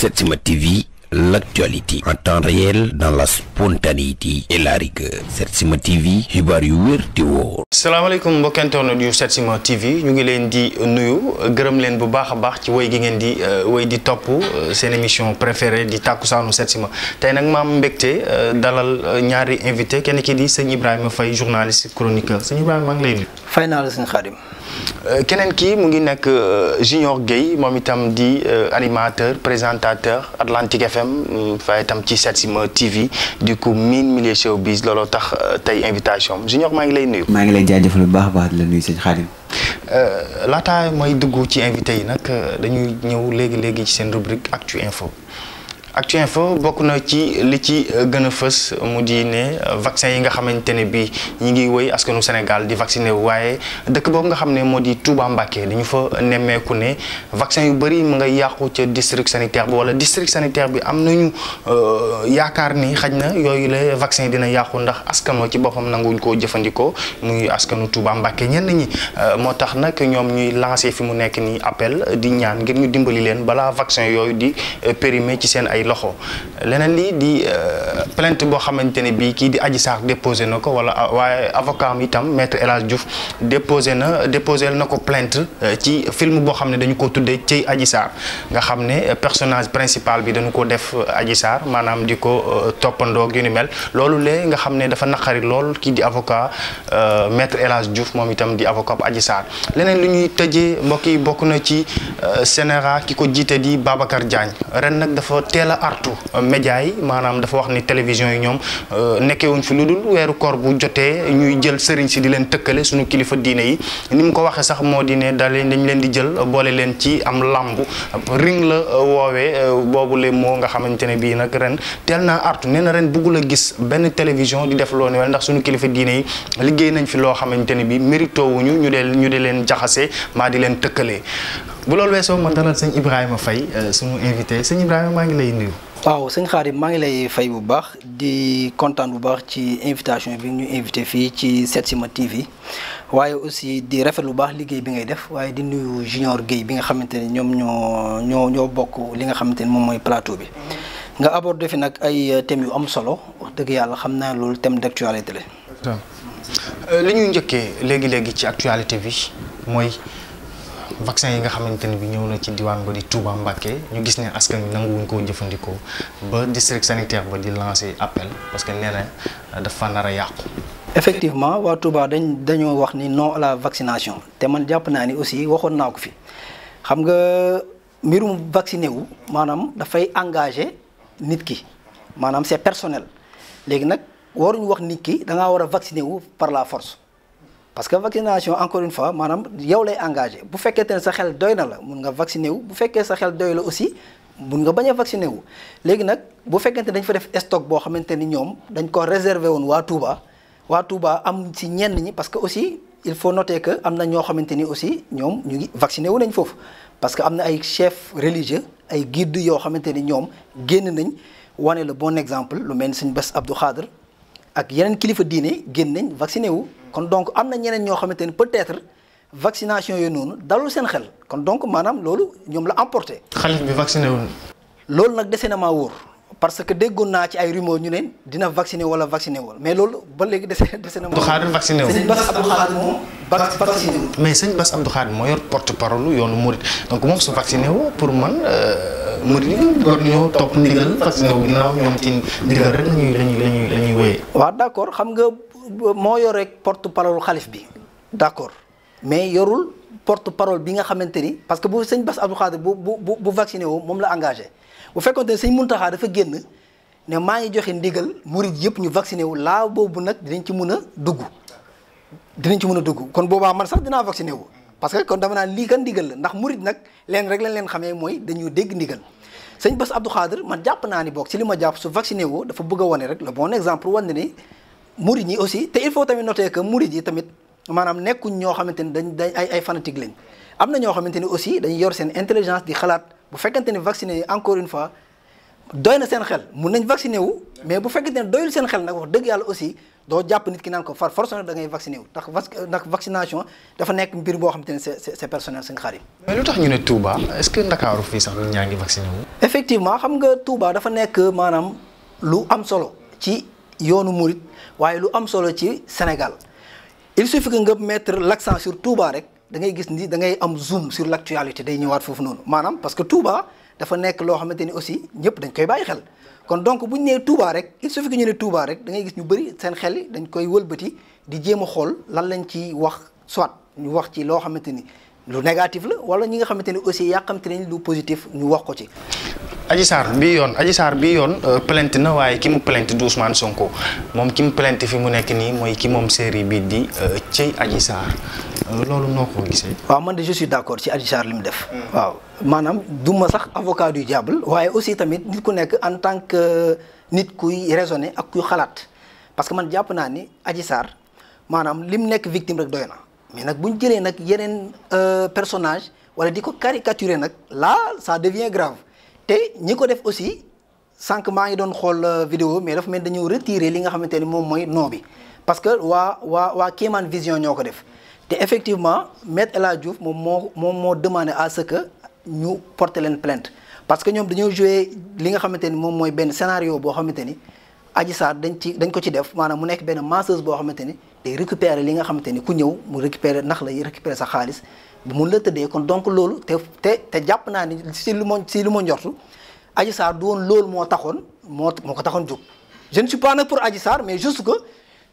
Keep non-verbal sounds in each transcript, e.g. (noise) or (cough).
Setsima TV l'actualité en temps réel dans la spontanéité et la rigueur Setsima TV xibaar yu wér te wóor salaamaaleykum mbokki internet yu Setsima TV ñu ngi leen di nuyu gërëm leen bu baax a baax ci woy gi ngeen di euh, woy di topp euh, seen émission préférée di tàkkusaanu Setsima tey nag maam mbégte euh, dalal ñaari invité kenn ki di sëñ Ibrahima Faye journaliste chroniqueur sëñ Ibrahima maa ngi lay nuyu. fay naa la sëñ Xadim Euh, keneen kii mu ngi nekk euh, Junior Guèye moom itam di euh, animateur présentateur Atlantique FM faay itam ci si Setsima TV du coup miin milieu showbiz looloo tax tey invitation Junior maa ngi lay nuyu. maa ngi lay jaajëfal bu baax a baax di la nuyu sëñ Xaadim. laataa mooy dugg ci invité yi nag dañuy ñëw léegi léegi ci seen rubrique Actu Info. Actu Info bokk na ci li ci euh, gën a fës mu di ne euh, vaccin yi nga xamante ne bii ñi ngi wéy askanu Sénégal di vacciné wu waaye dëkk boobu nga xam ne moo di Touba Mbacké dañu fa nemmeeku ne vaccin yu bëri mu nga yàqu ca district sanitaire bi wala district sanitaire bi am nañu euh, yaakaar ni xaj na yooyu la vaccin dina yàqu ndax askanoo ci boppam nanguñ koo jëfandikoo muy askanu Touba Mbacké ñenn ñi moo tax nag ñoom ñuy lancé fi mu nekk nii appel di ñaan ngir ñu dimbali leen balaa vaccin yooyu di périmer ci seen ay loxo leneen lii di euh, plainte boo xamante ne bii kii di Adji Sarr déposé na ko wala euh, waaye avocat am itam maître El Hadj Diouf déposé na déposé na ko plainte euh, ci film boo xam ne dañu ko tuddee cëy Adji nga xam ne personnage principal bi dañu ko def Adji Sarr maanaam di ko toppandoo ak yu ni mel loolu lee nga xam ne dafa naqari lool kii di avocat maître El Hadj Diouf moom itam di avocat bu Adji leneen lu ñuy tëje mbokk yi bokk na ci CNRA ki ko jiite di Babacar Diagne ren nag teel a artu média yi maanaam dafa wax ni télévision yi ñoom euh, nekkewuñ fi lu dul weeru koor bu jotee ñuy jël sëriñ si di leen tëkkale suñu kilifa diine yi ni mu ko waxee sax moo di ne daal dañ leen di jël boole leen ci am làmbu ring la euh, woowee euh, boobu le moo nga xamante ne bii nag ren teel naa artu nee na ren buggul a gis benn télévision di def loo ne ndax suñu kilifa diine yi liggéey nañ fi loo xamante ne bii mérito wuñu ñu dee ñu di leen jaxasee maa di leen tëkkalee bu loolu weesoo man dalal sëñ Ibrahima Faye euh, sunu invité sëñ Ibrahima maa ngi lay nuyu. waaw sëñ Xaadim maa ngi lay fay bu baax di kontaan bu baax ci invitation bi ñu invité fii ci Setsima TV waaye aussi di rafet lu baax liggéey bi ngay def waaye di nuyu Junior Guèye bi nga xamante ne ñoom ñoo ñoo ñoo bokk li nga xamante ne moom mooy plateau bi. nga abordé fi nag ay euh, thèmes yu am solo wax dëgg yàlla xam naa loolu thème d'actualité la. Euh, li ñuy njëkkee léegi léegi ci actualité bi mooy. vaccin yi nga xamante ne bi ñëw na ci diwaan ba di Touba Mbacké ñu gis ne askan wi ñu koo jëfandikoo ba district sanitaire ba di lancer appel parce que nee na dafa nar yàqu. effectivement waa Touba dañ dañoo wax ni non à la vaccination te man jàpp naa ni aussi waxoon naa ko fi xam nga mbirum vacciné wu maanaam dafay engagé nit ki maanaam c'est personnel léegi nag waruñu wax nit ki da war a vacciné wu par la force. parce que vaccination encore une fois maanaam yow lay engagé bu fekkente ne sa xel doy na la mun nga vacciné wu bu fekkee sa xel doy la aussi mun nga bañ a vacciné wu léegi nag bu fekkente ne dañ fa def stock boo xamante ni ñoom dañ ko réservé woon waa Touba waa Touba am ci ñenn ñi parce que aussi il faut noter que am na ñoo xamante ni aussi ñoom ñu ngi vacciné wu nañ foofu parce que am na ay chef religieux ay guide yoo xamante ni ñoom génn nañ wane le bon exemple lu mel ni sëñ Bass Abdou Khadre ak yeneen kilifa diine génn nañ vacciné wu kon donc am na ñeneen ñoo xamante ni peut-être vaccination yooyu noonu dalul seen xel kon donc maanaam loolu ñoom la emporté. xalif bi vacciné wul. loolu nag dese na maa wóor parce que déggoon naa ci ay rumeur ñu ne dina vacciné wala vacciné wul mais loolu ba léegi dese (laughs) dese na. Abdou Khadre vacciné wul moom. vacciné wul mais sëñ Bass Abdou Khadre moo yor porte parole yoonu Mouride donc moom su vacciné wu pour man euh, Mouride war nañoo topp ndigal vacciné wu ginnaaw ñoom ci ndigal rek la ñuy la ñuy la moo yore porte parole xalif bi d'accord mais yorul porte parole bi nga xamante ni parce que bu sëñ Bass Abdou Khadre bu bu bu vacciné woo moom la engagé bu fekkoon ne sëñ Muntaxa dafa génn ne maa ngi joxe ndigal murid yëpp ñu vacciné wu laa boobu nag dinañ ci mën a dugg dinañ ci mën dugg kon boobaa man sax dinaa vacciné wu parce que kon dama naa lii kan ndigal la ndax murid nag leen rek lañ leen xamee mooy dañu dégg ndigal sëñ Bass Abdou Khadre ma jàpp naa ni boog ci li ma jàpp su vacciné woo dafa bëgg wane rek le bon exemple wan ne ni murid yi aussi te il faut tamit noter que murid tamit maanaam nekkuñ ñoo xamante ni dañ dañ ay ay fanatique am na ñoo xamante ni aussi dañuy yor seen intelligence di xalaat bu fekkante ni vacciné yi encore une fois doy na seen xel mun nañ vacciné wu mais bu fekkante ne doyul seen xel nag wax dëgg yàlla aussi doo jàpp nit ki naan ko far force nag da ngay vacciné wu ndax ndax vaccination dafa nekk mbir boo xamante ne c'est c'est personnel seen xarit. mais lu tax ne Touba est-ce que Ndakaaru fii sax nit xam nga Touba dafa nekk maanaam lu am solo yoonu murit waaye lu am solo ci Sénégal il suffit que nga mettre l'accent sur Touba rek da ngay gis ni da ngay am zoom sur l'actualité day ñëwaat foofu noonu maanaam parce que Touba dafa nekk loo xamante ni aussi ñëpp dañ koy bàyyi xel kon donc bu ñu nee Touba rek il suffit que ñu ne Touba rek dangay gis ñu bëri seen xel yi dañ koy wëlbati di jéem a xool lan lañ ci wax soit ñu wax ci loo xamante ni lu négatif la wala ñi nga xamante ne aussi yàqamte nañ lu positif ñu wax ko ci. Adji Sarr bii yoon Adji bi yoon euh, plainte na waaye ki mu plainte du Ousmane Sonko moom ki mu plainte fi mu nekk nii mooy ki moom série bi di euh, ci Adji Sarr euh, loolu noo ko gisee. waaw man de je suis d'accord ci Adji Sarr def. Hmm. waaw maanaam du ma sax avocat du diable. waaye aussi tamit nit ku nekk en tant que nit kuy raisonner ak kuy xalaat parce que man jàpp naa ni Adji Sarr maanaam lim nekk victime rek doy na. mais nag bu ñu jëlee nag yeneen euh, personnage wala di ko caricaturer nag laa ça devient grave te ñi ko def aussi sànq maa ngi doon xool euh, video mais dafa mel dañu retirer li nga xamante ni moom mooy nom bi parce que waa waa waa Kéemaan Vision ñoo ko def te effectivement maître El Hadj moom moo moom moo demandé à ce que ñu porter leen plainte parce que ñoom dañoo joué li nga xamante ni moom mooy benn scénario boo xamante ni Adji Sarr dañ ci dañ ko ci def maanaam mu nekk benn masseuse boo xamante ni de récupérer li nga xamante ni ku ñëw mu récupérer ndax lay récupérer sa xaalis bu mun la tëddee kon donc loolu te te jàpp naa ni si lu ma si lu ma njortu Adji Sarr du woon loolu moo taxoon moo moo ko taxoon jóg je pour Adji Sarr mais juste que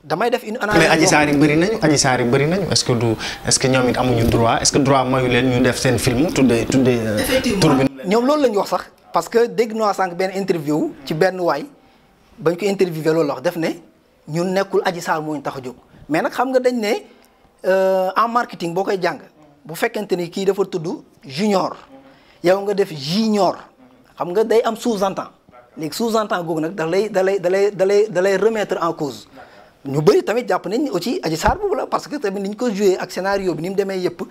damay def une analyse mais Adji Sarr yi bëri que du est-ce que ñoom it amuñu droit est-ce que seen film tuddee tuddee euh, tur bi ñoom loolu la wax sax parce que dégg naa sànq benn interview ci benn waay bañ ko interviewé loolu wax def ne ñun nekkul Adji Sarr moo tax a jóg mais nag xam nga dañ ne euh, en marketing boo koy jàng bu fekkente ni kii dafa tudd junior yow nga def junior xam nga day am sous-entend léegi sous-entend googu nag da lay da lay da lay da lay da lay remettre en cause ñu bëri tamit jàpp nañ aussi Adji Sarr boobu la parce que tamit ni ñu ko joué ak scénario bi ni demee yëpp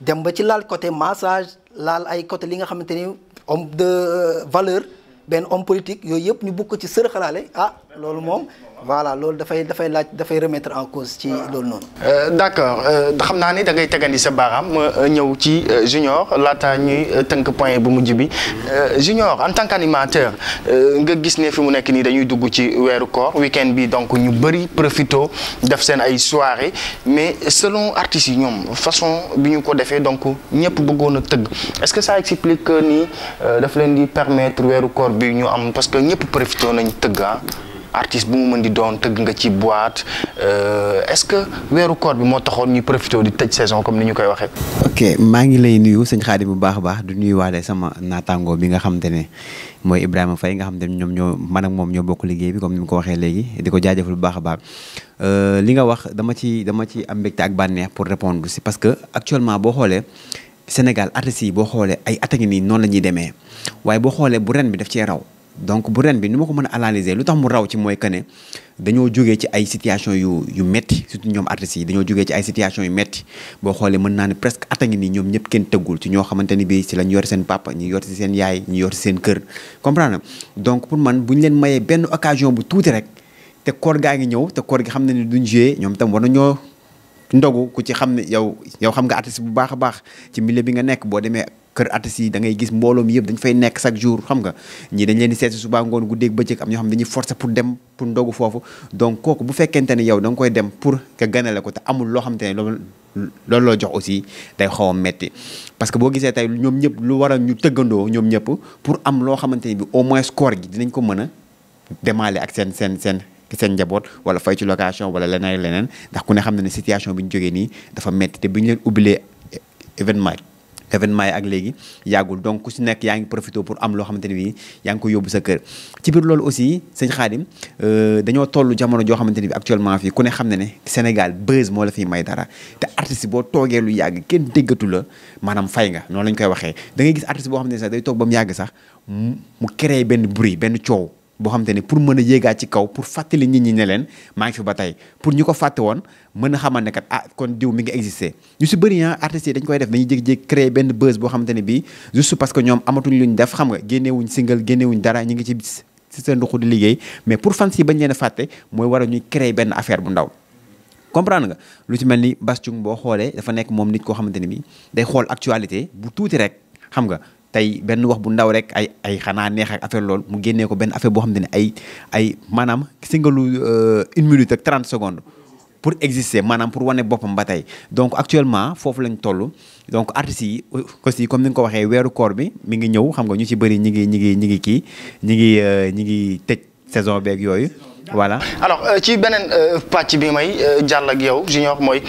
dem ba ci laal côté massage laal ay côté li nga xamante ni homme de euh, valeur benn homme politique yooyu yëpp ñu bugg ko ci sërxalaale ah loolu moom voilà loolu dafay dafay laaj dafay remettre en cause ci loolu noonu. Euh, d'accord euh, xam naa ni da ngay tegandi sa baaraam euh, ñëw ci junior laata ñuy tënk point bu mujj bi junior en tant qu'animateur nga gis ne fi mu nekk nii dañuy dugg ci weeru koor week-end bi donc ñu bëri profito def seen ay soirée mais selon artistes yi ñoom façon bi ñu ko defee donc ñëpp bëggoon a tëgg est-ce que sa explique que ni daf leen di permettre weeru koor bi ñu am parce que ñëpp profito nañ tëgg ah. artiste bu mu mën di doon tëgg nga ci boîte euh, est-ce que weeru koor bi moo taxoon ñuy profité di tëj saison comme ni ñu koy waxe maa ngi lay nuyu sëñ Xaadim bu baax a baax du nuyu waale sama naataango bi nga xamante ne mooy Ibrahima fay nga xamante ne ñoom ñoo man moom ñoo bokk liggéey bi comme ni mu ko waxee léegi di ko jaajëfal bu baax a baax. Euh, li nga wax dama ci dama ci am mbégte ak bànneex pour répondre si parce que actuellement boo xoolee. Sénégal artistes yi boo xoolee ay at a ngi nii noonu la ñuy demee waaye boo xoolee bu ren bi daf cee raw donc bu ren bi ni ma ko mën a analyser lu tax mu raw ci mooy que ne dañoo jógee ci ay situation yu yu métti surtout ñoom artistes yi dañoo jógee ci ay situation yu métti boo xoolee mën naa ne presque at ngi nii ñoom ñëpp kenn tëggul ci ñoo xamante ni bii si la yor seen papa ñu yor si seen yaay ñu yor seen kër comprendre donc pour man bu ñu leen mayee benn occasion bu tuuti rek te koor gaa ngi ñëw te koor gi xam ne ni duñ joué ñoom tam war nañoo ndogu ku ci xam ne yow yow xam nga artiste bu baax a baax ci milieu bi nga nekk boo demee kër artistes yi da ngay gis mbooloom yëpp dañ fay nekk chaque jour xam nga ñi dañ leen di seet si subaa ngoon guddeeg bëccëg am ñoo xam ne dañuy forcer pour dem pour ndogu foofu donc kooku bu fekkente ne yow da nga koy dem pour nga ganale ko te amul loo xamante ne loolu loolu loo jox aussi day xaw a metti parce que boo gisee tey ñoom ñëpp lu war ñu tëggandoo ñoom ñëpp pour am loo xamante ni bi au moins score gi dinañ ko mën a demaale ak seen seen seen seen njaboot wala fay ci location wala leneen leneen ndax ku ne xam ne ne situation bi ñu jógee nii dafa metti bi ñu leen ubbilee événement événement yi ak léegi yàggul donc ku si nekk yaa ngi profité pour am loo xamante ne bii yaa ngi koy yóbbu sa kër ci biir loolu aussi sëñ Xaadim euh, dañoo toll jamono joo xamante ne bii actuellement fii ku ne xam ne ne Sénégal buzz moo la fiy may dara te artiste boo toogee lu yàgg kenn déggatu la maanaam fay nga noonu lañ koy waxee da ngay gis artiste boo xam ne sax day toog ba mu yàgg sax mu créé benn bruit benn coow boo xam te pour mën a yéegaat ci kaw pour fàttali nit ñi ne leen maa ngi fi ba tey pour ñu ko fàtte woon mën a xamal kat ah kon diw mi nga existé ñu si bëri ah artistes yi dañ koy def dañuy jékki-jékki créer benn buzz boo xamante ne bi juste parce que ñoom amatuñ luñ def xam nga génneewuñ single génneewuñ dara ñu ngi ci si seen ndoxu di liggéey mais pour fan yi bañ leen a fàtte mooy war a ñuy créer benn affaire bu ndaw comprendre nga lu ci mel ni Bass boo xoolee dafa nekk moom nit koo xamante ne bii day xool actualité bu tuuti rek xam nga tey benn wax bu ndaw rek ay xanaa neex ak lool mu génnee ko benn affaire boo xam ne ay ay maanaam singalu euh, une minute ak 30 secondes pour exister maanaam pour wane boppam ba tey donc actuellement foofu lañ toll donc artistes yi si comme ni nga ko waxee weeru koor bi mi ngi ñëw xam nga ñu ci bëri ñi ngi ñi ngi ñi ngi kii ñi ngi euh, ñi ngi tëj saison beeg yooyu voilà alors euh, ci beneen pàcc bi may jàll ak yow junior mooy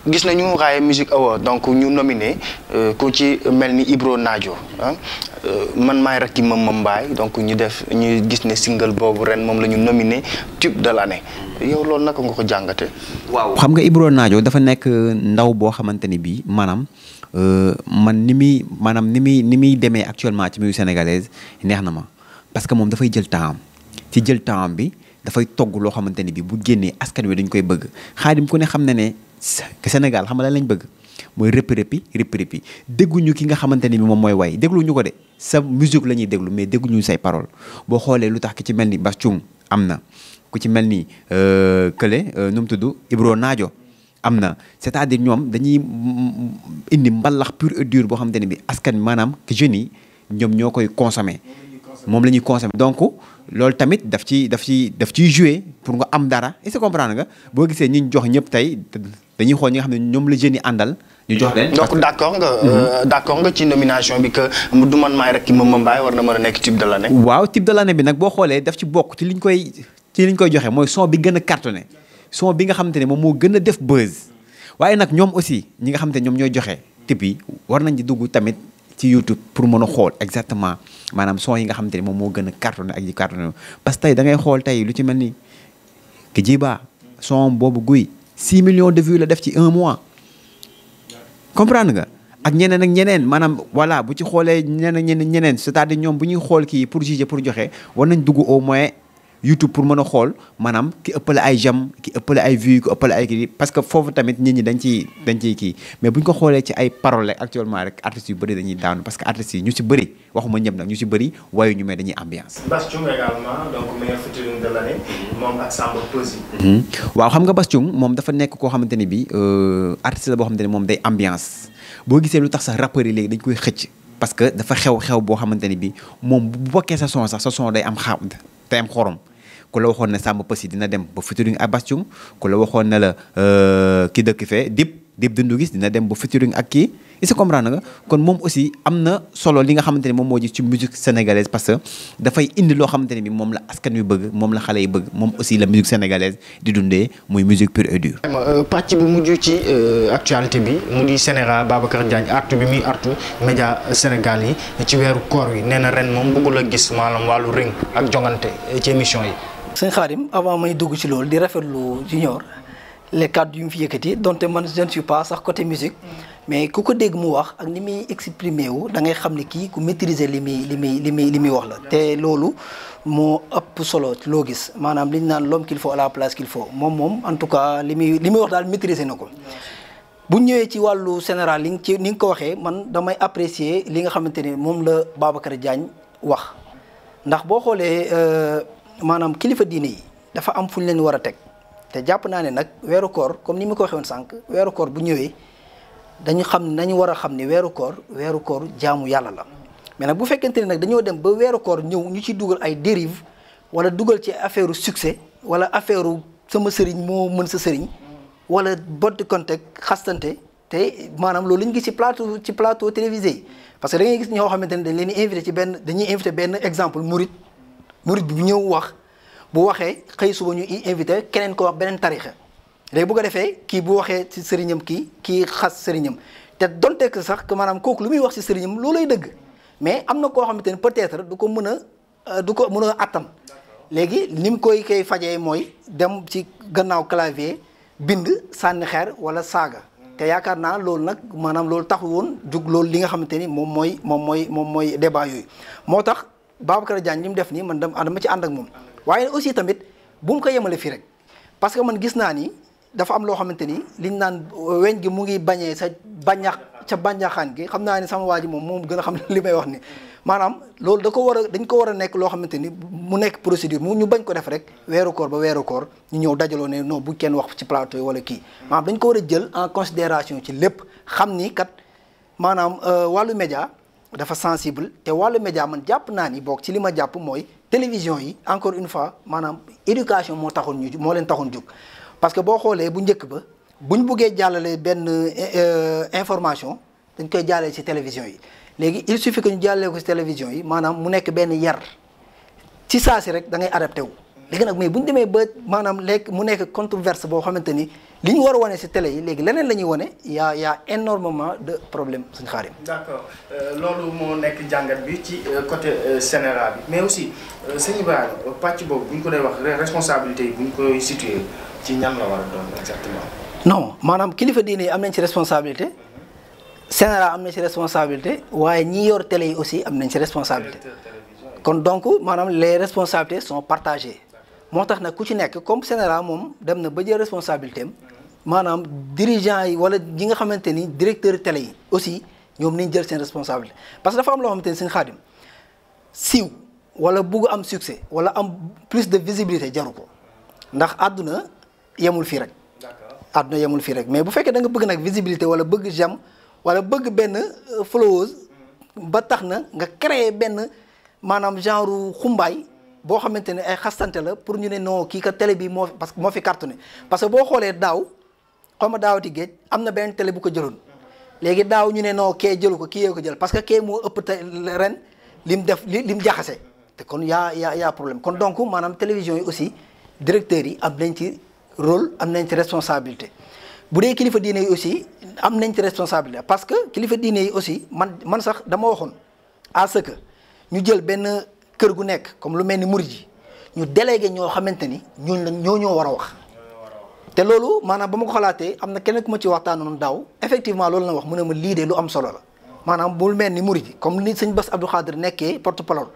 gis nañu Raaya Music Award donc ñu nomine euh, ku ci mel ni Ibro najo euh, man maay rakki mam ma mbaay donc ñu def ñu gis ne single boobu ren moom la ñu nominé tube de l'année yow loolu naka nga ko jàngate waaw xam nga Ibro najo dafa nekk euh, ndaw boo xamante ni bii maanaam man ni muy maanaam ni muy ni muy demee actuellement ci musique sénégalaise neex na ma parce que moom dafay jël temps ci jël temps bi dafay togg loo xamante ni bii bu génnee askan wi dañu koy bëgg xaadim ku ne xam na ne. Sénégal xam nga lan lañ bëgg mooy rëpp rëppi rëpp rëppi dégguñu ki nga xamante ni bi moom mooy way dégluñu ko de sa musique la ñuy déglu mais dégguñu say parole boo xoolee lu tax ki ci mel ni Bass Thioung am na ku ci mel ni euh, Kële euh, nu mu tudd Ibro Naajo am na c'est-à-dire ñoom dañuy indi mbalax pur et dur boo xamante ne bi askan maanaam que ñoom ñoo koy consommer moom la ñuy consommer donc loolu tamit daf ci daf ci daf ciy jouer pour nga am dara est-ce nga boo gisee ñi ñu jox ñëpp tey dañuy xool ñi nga ñoom la jeunes yi àndal ñu jox leen donc d' mhm. euh, nga ci nomination bi que mu du man maay rek ki moom mbaay war na mën a nekk type de l' année waaw type de l' année bi nag boo xoolee daf ci bokk ci liñ koy joxe mooy son bi gën a cartonné son bi nga xamante ne moom moo gën a def buzz waaye nag ñoom aussi ñi nga xamante ne ñoom ñooy joxe type yi war nañ di dugg tamit ci YouTube pour mën a xool exactement maanaam son yi nga xamante ne moom moo gën a cartonné ak yi cartonné parce que tey xool tey lu ci mel ni ki jiba son boobu guy 6 millions de vues la def ci un mois comprendre nga ak ñeneen ak ñeneen maanaam voilà bu ci xoolee ñeneen ñeneen cest à ñoom bu ñuy xool kii pour juger pour joxe war nañ dugg au moins YouTube pour mën a xool maanaam ki ëppale ay jam ki ëppale ay vues ki ëppale ay kii parce que foofu tamit nit ñi dañ ciy dañ ciy kii mais bu ñu ko xoolee ci ay paroles actuellement rek artistes yu bëri dañuy daanu parce que artistes yi ñu si bëri waxuma ñëpp nag ñu si bari waaye ñu may dañuy ambiance. Bass mhm. waaw xam nga Bass Thioung moom dafa nekk koo xamante ni bi euh, artiste la boo xamante ni moom day ambiance boo gisee lu tax sax rappeurs yi léegi dañ koy xëcc parce que dafa xew xew boo xamante ni bi moom bu bokkee sa son sax sa day am xaam day ku la waxoon ne Samba Passy dina dem ba featuring Abass Thioung ku la waxoon ne la euh, ki dëkk fee Dip Dip Doundou Guiss dina dem ba featuring ak kii est-ce que comprendre nga kon moom aussi am na solo li nga xamante ne moom moo ji ci musique sénégalaise parce que dafay indi loo xamante ne bi moom la askan wi bëgg moom la xale yi bëgg moom aussi la musique sénégalaise di dundee muy musique pure et dure. Euh, pàcc bi mujj ci euh, actualité bi mu di Sénégal Babacar Diagne artu bi muy artu média Sénégal yi ci weeru koor yi nee na ren moom bëggul a gis maanaam wàllu ring ak jongante ci émission yi. sëñ Xaadim avant may dugg ci loolu di rafetlu junior les cadres yu mu fi yëkkati donte man je ne suis sax côté musique mais ku ko dégg mu wax ak ni muy exprimer wu da ngay xam ne kii ku maîtriser li muy li muy li muy li muy wax la te loolu moo ëpp solo loo gis maanaam li ñu naan l'homme qu'il faut à la place qu'il faut moom moom en tout cas li muy li muy wax daal maîtriser na ko bu ñëwee ci wàllu général li nga ci ni nga ko waxee man damay apprécier li nga xamante ne moom la Babacar Diagne wax boo xoolee euh, maanaam kilifa diine yi dafa am fu ñu leen war a teg te jàpp naa ne nag weeru koor comme ni ma ko waxee woon sànq weeru koor bu ñëwee dañu xam nañu war a xam ne weeru koor weeru koor jaamu yàlla la mais nag bu fekkente ne nag dañoo dem ba weeru koor ñëw ñu ci dugal ay dérive wala dugal ci affaire succès wala affaire sama sëriñ moo mën sa sëriñ wala botte contact xastante te maanaam loolu la ñu gis ci plateau ci plateau télévisé yi parce que da gis ñoo xamante ne dañ leen di invité ci benn dañuy invité benn exemple murit murid bi ñëw wax bu waxee xëy suba ñu invité keneen ko wax beneen tarixa léegi bu ko defee kii bu waxee ci sëriñam kii kii xas sëriñam te donte que sax que maanaam kooku lu muy wax ci sëriñam loolay dëgg mais am na koo xamante ni peut-être du ko mën a euh, du ko mën a attan léegi ni koy koy fajee mooy dem ci gannaaw clavier bind sànni xeer walla saaga hmm. te yaakaar naa loolu nag maanaam loolu taxu woon jug loolu li nga xamante ni moom mooy moom mooy moom mooy débat yooyu moo tax Babacar Diagne li mu def nii man dama ci ànd ak moom waaye aussi tamit bu mu ko yemale fii rek parce que man gis naa ni dafa am loo xamante ni liñ naan weñ gi mu ngi bañee sa bañax ca bañaxaan gi xam naa ni sama waa ji moom moom gën a xam (laughs) li may wax ni maanaam loolu da ko war a dañ ko war a nekk loo xamante ni mu nekk procédure mu ñu bañ ko def rek weeru koor ba weeru koor ñu ñëw dajaloo ne no bu kenn wax ci plateau yi wala kii maanaam dañ ko war a jël en considération ci lépp xam ni kat maanaam euh, wàllu média dafa sensible te wàllu média man jàpp naa ni bokk ci li ma jàpp mooy télévision yi encore une fois maanaam éducation moo taxoon ñu moo leen taxoon jóg parce que boo xoolee bu njëkk ba bu ñu buggee jàllale benn euh, euh, information dañ koy jàllale ci télévision yi léegi il suffit que ñu jàllale ko ci télévision yi maanaam mu nekk benn yar ci saa si rek da ngay adapté wu léegi nag mais bu ñu demee ba maanaam lekk mu nekk controverse boo xamante ni li ñu war a wane si télé yi léegi leneen la ñuy wane yaa y'a énormément de problèmes suñu xaari d'accord euh, loolu moo nekk jàngat bi ci euh, côté général euh, bi mais aussi sëñ Ibrahima pàcc bu ñu ko doon wax responsabilité bu ñu koy situé ci ñan la war a doon exactement. non maanaam kilifa diine am nañ ci responsabilité sénéral am nañ si responsabilité waaye ñi yor télé yi aussi am nañ ci responsabilité kon donc maanaam les responsabilités son partagées moo tax nag ku ci nekk comme général moom dem na ba jël responsabilité maanaam dirigeant yi wala gi nga xamante ni directeur télé yi aussi ñoom nañ jël seen responsabilité parce que dafa am loo xamante ni seen xaadim siw wala bugg am succès wala am plus de visibilité jaru ko ndax àdduna yemul fii rek. àdduna yemul fii rek mais bu fekkee da nga bëgg nag visibilité wala bëgg jam wala bëgg benn euh, followers ba tax na nga créer benn maanaam genre xumbaay. boo xamante ne ay xastante la pour ñu ne non kii ka télé bi moo parce que moo fi cartonné parce que boo xoolee daaw. comme daaw daawati géej am na benn télé bu ko jëloon léegi daaw ñu ne non kee jëlu ko kii yee ko jël parce que kee moo ëpp te ren lim def lim jaxase te kon yaa yaa yaa problème kon donc maanaam télévision yi aussi directeurs yi am nañ ci rôle am nañ ci responsabilité bu dee kilifa diine yi aussi am nañ ci responsabilité parce que kilifa diine yi aussi man man sax dama waxoon à ce que ñu jël benn kër gu nekk comme lu mel ni murid yi ñu délégué ñoo xamante ni ñooñu la ñoo ñoo war a wax. te loolu maanaam ba ma ko xalaatee am na keneen ku ma ci waxtaanoon daaw effectivement loolu la wax mu ne ma lii de lu am solo la maanaam bul mel ni murid comme ni sëñ Bass Abdou Khadre nekkee porte parole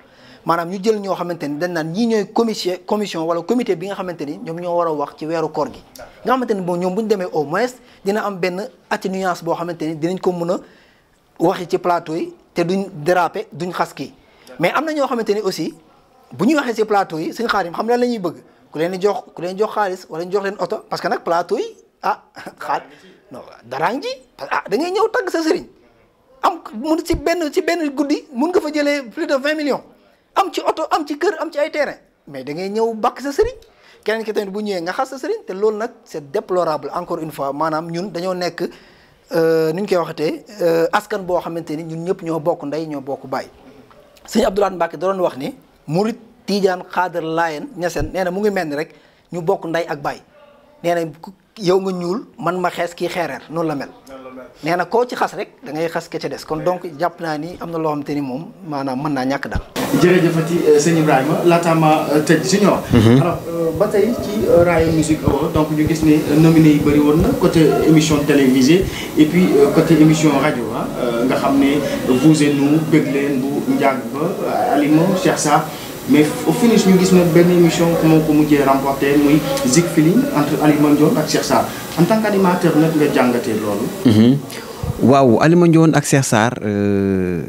maanaam ñu jël ñoo xamante ni dañ naan ñii ñooy commission commission wala comité bi nga xamante ni ñoom ñoo war wax ci weeru koor gi nga xamante ni bon ñoom bu ñu demee au moins dina am benn atténuance boo xamante ni dinañ ko mun a wax waxi ci plateau yi te duñ déraper duñ xas kii mais am na ñoo xamante ni aussi bu ñuy waxee yi sëñ Xaadim xam la la ñuy bëgg ku leen di jox ku jox xaalis wala ñu jox leen oto parce que nag plateau yi ah xaat daraa ngi ji parce que ah ñëw tagg sa sëriñ am mun ci benn ci benn guddi mun nga fa jëlee plus de vingt millions am ci oto am ci kër am ci ay tere mais dangay ñëw bakk sa sëriñ keneen ki tamit bu ñëwee nga xas sa sëriñ te loolu nag c'est déplorable encore une fois maanaam ñun dañoo nekk euh, ni ñu koy waxatee euh, askan boo xamante ni ñun ñëpp ñoo bokk ndey ñoo bokk baay sëñ Abdoulaye Mbacke doon wax tiijaan xaadar laayen ñaseen nee na mu ngi mel ni rek ñu bokk nday ak baay nee na yow nga ñuul man ma xees kii xeereer noonu la mel nee na koo ci xas rek da ngay xas ke ca des kon donc jàpp naa ni am na loo xam te ni moom maanaam mën naa ñàkk daal jërëjëfati euh, sëñ Ibrahima laata ma euh, tëj junior mhm. euh, ba tey ci Rayon Musique donc ñu gis ne nominé yi bëri na côté émission télévisée et puis côté émission rajo ah. nga xam ne vous et bëgg leen bu njaag ba Alima Cheikh Sarr mais au finish ñu gis na benn émission moo ko mujjee remporté muy Zik Feeling entre Alima Ndione ak Cheikh Sarr en tant qu'animateur nag nga jàngatee loolu. Mhm. waaw Alima Ndione ak Cheikh euh,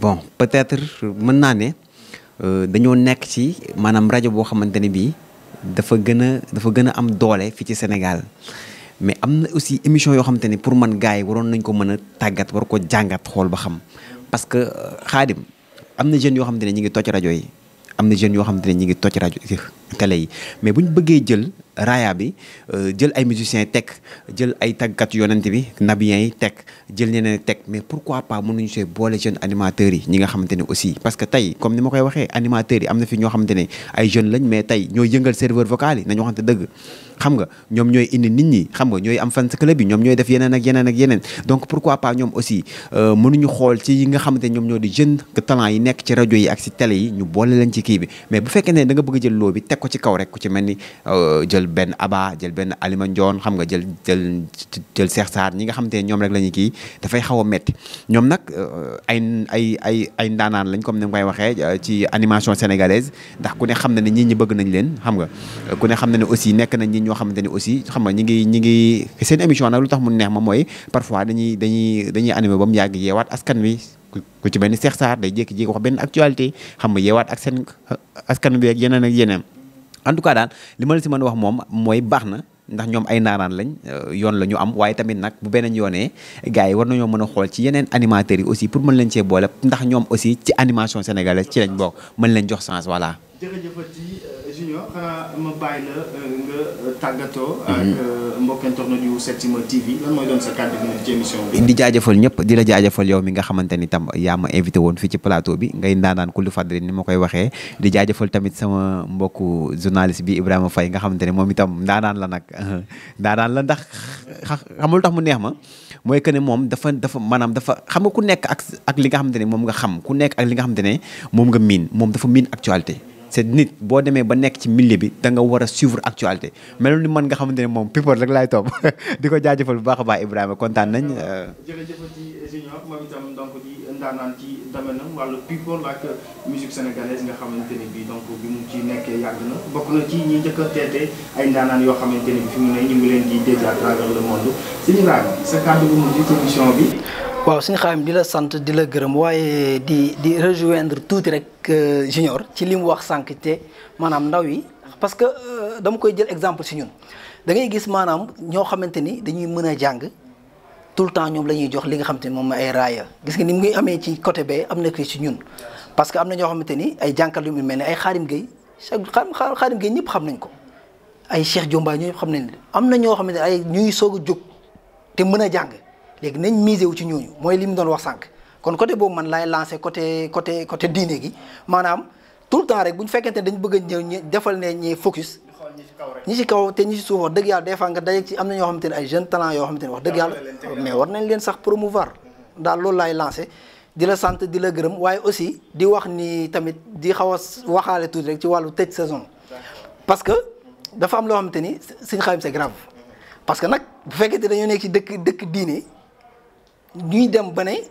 bon peut-être mën naa ne euh, dañoo nekk ci maanaam rajo boo xamante ni bii dafa gën a dafa gën a am doole fii ci Sénégal mais am na aussi émission yoo xamante ni pour man gars yi waroon nañ ko mën tàggat war ko jàngat xool ba xam parce que xaadim euh, am na jeunes yoo xam te ne ñu ngi toj rajo yi. am na jeunes yoo xam ne ñu ngi toj rajo télé yi mais bu ñu bëggee jël raaya bi euh, jël ay musiciens teg jël ay tàggkatu yonent bi nabiyen yi teg jël ñeneen teg mais pourquoi pas mënuñu see boole yi ñi nga xamante ne aussi parce que tey comme ni ma koy waxee animateurs na fi ñoo xamante ne ay jeunes lañ mais tey ñooy yëngal serveur vocal yi nañu waxante dëgg xam nga ñooy indi nit ñi xam nga ñooy am fan club bi ñoom ñooy def yeneen ak yeneen ak yeneen donc pourquoi pas ñoom aussi euh, mënuñu xool ci yi nga xamante ñoom ñoo di jeunes talent yi nekk ci rajo yi ak si télé ñu boole leen ci kii bi mais bu fekkee ne da nga bëgg jël loo bi teg ko ci kaw rek ku ci mel ni euh, jël jël benn Aba jël benn Alima Ndion xam nga jël jël jël Cheikh ñi nga xam te ne ñoom rek la ñu kii dafay xaw a metti ñoom nag euh, ay ay ay ay ndaanaan lañ comme ni ma koy waxee euh, ci animation sénégalaise ndax ku ne xam na ne ñii ñi bëgg nañ leen xam nga ku ne xam na ne aussi nekk nañ ñi ñoo xamante ne aussi xam nga ñi ngi ñi ngi seen émission nag lu tax mu neex ma mooy parfois dañuy dañuy dañuy animé ba mu yàgg yeewaat askan wi ku ci mel ni Cheikh Sarr day jékki-jékki wax benn actualité xam nga yeewaat ak seen askan bi ak yeneen ak yeneen en tout cas daal li ma la si mën wax moom mooy baax na ndax ñoom ay naaraan lañ euh, yoon la ñu am waaye tamit nag bu beneen yoonee gars yi war nañoo mën a xool ci yeneen animateurs yi aussi pour mën leen cee boole ndax ñoom aussi ci animation sénégalaise ci lañ bokk mën leen jox chance voilà jërëjëfati euh, euh, euh, mhm. di jaajëfal ñëpp di la jaajëfal yow mi nga xamante itam tam yaa invité woon fii ci plateau bi ngay ndaanaan kullu fadri ni ma koy waxee di jaajëfal tamit sama mbokku journaliste bi Ibrahima Faye nga xamante ne moom itam ndaanaan la nag (laughs) ndaanaan la ndax xamul tax mu neex ma mooy que ne moom dafa dafa maanaam dafa xam nga ku nekk ak ak li nga xamante ne moom nga xam ku nekk ak li nga xamante ne moom nga miin moom dafa miin actualité c'est nit boo demee ba nekk ci milieu bi da nga war a suivre actualité mel ni man nga xamante ne moom people rek laay topp (laughs) di ko jaajëfal bu baax a baax Ibrahima kontaan nañ. Euh, di ndaanaan ci domaine wàllu people sénégalaise nga xamante ne bii donc bi mu ci nekkee yàgg na bokk na ci ñi njëkk teete ay ndaanaan yoo xamante ne bi fi mu ne ñu ngi leen di dégg travers le monde sëñ Ibrahima sa kàddu bu mujj ci émission bi. waaw suñu xaam di la sant di la gërëm waaye di di rejoindre tuuti rek euh, junior ci li mu wax sànq te maanaam ndaw yi parce que euh, dama koy jël exemple si ñun da ngay gis maanaam ñoo xamante ni dañuy mën a jàng tout le temps ñoom la ñuy jox li nga xamante ni moom ay raaya gis nga ni mu ngi amee ci côté bee am na ko si ñun parce que am na ñoo xamante ni ay jànkal yu mu mel ne ay xaarim gay xaarim gay ñëpp xam nañ ko ay Cheikh Jomba ñëpp xam nañ am na ñoo xamante ne ay ñuy soog a jóg te mën a jàng léegi nañ misé wu ci ñooñu mooy li mu doon wax sànq kon côté boobu man laay lancé côté côté côté diine gi maanaam tout le temps rek bu ñu fekkente dañ bëgg a ñëw ñu defal ne ñi focus. ñi ci kaw te ñi ci suuf wax dëgg yàlla des fois nga dajeeg ci am na ñoo xamante ne ay jeunes talent yoo xamante ne wax dëgg yàlla mais war nañ leen daal loolu laay lancé di la sant di la gërëm waaye aussi di wax ni tamit di xaw a waxaale tuuti rek ci wàllu tëj saison parce que dafa am loo xamante ni Sëñ Xaadim c'est grave parce que nag bu fekkente dañoo nekk ci dëkk dëkk diine ñuy dem ba ne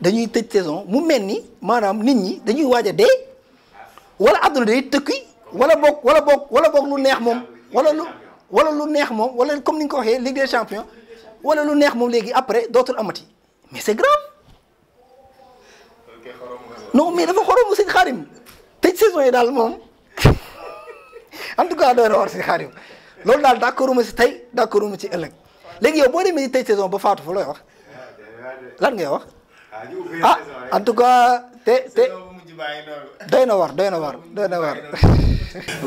dañuy tëj saison mu mel ni maanaam nit ñi dañuy waaj a dee wala àdduna day tëkki wala boog wala boog wala boog lu neex moom wala lu wala lu neex moom wala comme ni nga ko waxee liggéey champion wala lu neex moom léegi après dootul amati mais c'est grave non mais dafa xoromu sëñ xaarim tëj saison yi daal moom (laughs) en tout cas doy na war sëñ xaarim loolu daal d'accord ma si tey d'accord ma ci ëllëg léegi yow boo demee tëj saison ba faatu fa wax lan ngay wax. ah, ah en eh. tout cas. te te doy na war doy na war (laughs) doy na war.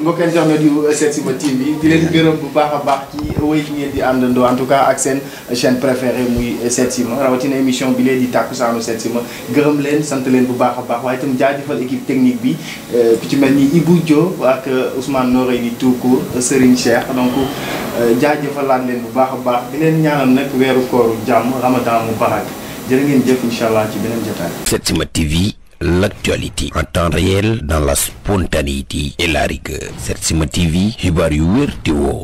mbokk internet yu Setsima TV di leen gërëm bu baax a baax ci wéy gi ngeen di àndandoo en tout cas ak seen chaîne préférée muy Setsima rawatina émission bi leen di tàkkusaanu Setsima gërëm leen sant leen bu baax a baax waaye itam jaajëfal équipe technique bi euh, ku ci mel ni Ibou Diop ak euh, Ousmane Noreyni tout court euh, Serigne Cheikh donc jaajëfalaat leen bu baax a baax di leen ñaanal nag weeru kooru jàmm ramadan mubarak jërë ngeen jëf incha allah ci beneen jotaay. Setsima TV. l'actualité en temps réel dans la spontanéité et la rigueur TV xibaar yu wér te